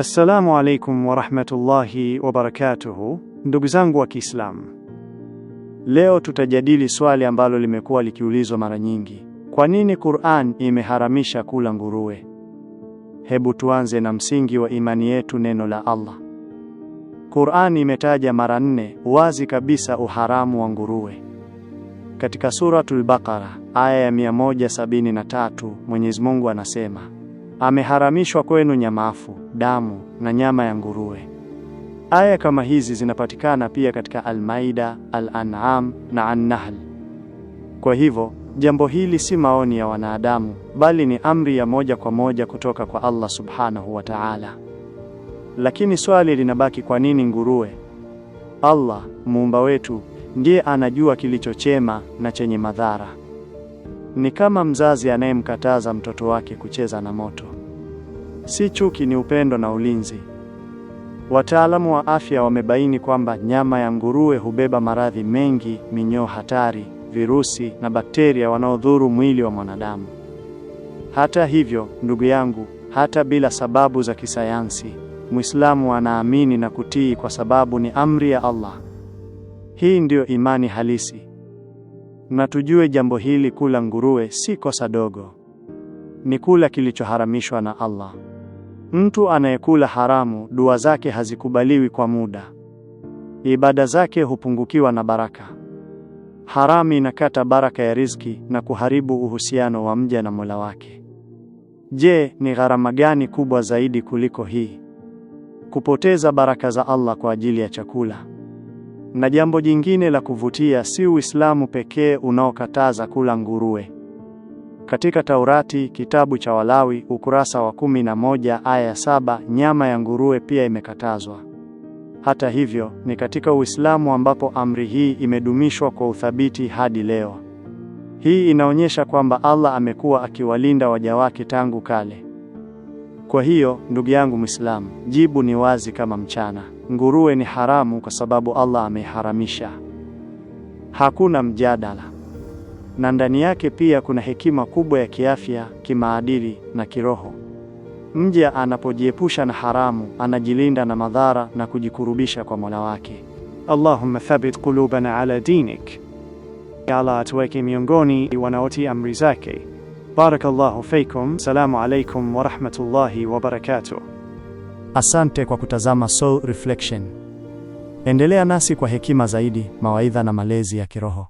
Assalamu alaikum warahmatullahi wabarakatuhu, ndugu zangu wa Kiislamu. Leo tutajadili swali ambalo limekuwa likiulizwa mara nyingi: kwa nini Qur'an imeharamisha kula nguruwe? Hebu tuanze na msingi wa imani yetu, neno la Allah. Qur'an imetaja mara nne wazi kabisa uharamu wa nguruwe. Katika Suratul Baqara aya ya 173, Mwenyezi Mungu anasema ameharamishwa kwenu nyamafu damu na nyama ya nguruwe. Aya kama hizi zinapatikana pia katika Al-Maida, Al-An'am na An-Nahl. Kwa hivyo jambo hili si maoni ya wanadamu, bali ni amri ya moja kwa moja kutoka kwa Allah subhanahu wa ta'ala. Lakini swali linabaki, kwa nini nguruwe? Allah muumba wetu ndiye anajua kilicho chema na chenye madhara. Ni kama mzazi anayemkataza mtoto wake kucheza na moto si chuki, ni upendo na ulinzi. Wataalamu wa afya wamebaini kwamba nyama ya nguruwe hubeba maradhi mengi, minyoo hatari, virusi na bakteria wanaodhuru mwili wa mwanadamu. Hata hivyo, ndugu yangu, hata bila sababu za kisayansi, Muislamu anaamini na kutii kwa sababu ni amri ya Allah. Hii ndiyo imani halisi. Na tujue jambo hili, kula nguruwe si kosa dogo. Ni kula kilichoharamishwa na Allah. Mtu anayekula haramu dua zake hazikubaliwi kwa muda, ibada zake hupungukiwa na baraka. Haramu inakata baraka ya riziki na kuharibu uhusiano wa mja na Mola wake. Je, ni gharama gani kubwa zaidi kuliko hii? Kupoteza baraka za Allah kwa ajili ya chakula. Na jambo jingine la kuvutia, si Uislamu pekee unaokataza kula nguruwe. Katika Taurati kitabu cha Walawi ukurasa wa kumi na moja aya ya saba nyama ya nguruwe pia imekatazwa. Hata hivyo, ni katika Uislamu ambapo amri hii imedumishwa kwa uthabiti hadi leo. Hii inaonyesha kwamba Allah amekuwa akiwalinda waja wake tangu kale. Kwa hiyo, ndugu yangu Muislamu, jibu ni wazi kama mchana. Nguruwe ni haramu kwa sababu Allah ameiharamisha. Hakuna mjadala na ndani yake pia kuna hekima kubwa ya kiafya, kimaadili na kiroho. Mja anapojiepusha na haramu anajilinda na madhara na kujikurubisha kwa Mola wake. Allahumma thabit qulubana ala dinik, Allah atuweke miongoni wanaotii amri zake. Barakallahu feikum. Salamu alaikum wa rahmatullahi wa barakatuh. Asante kwa kutazama Soul Reflection. Endelea nasi kwa hekima zaidi, mawaidha na malezi ya kiroho.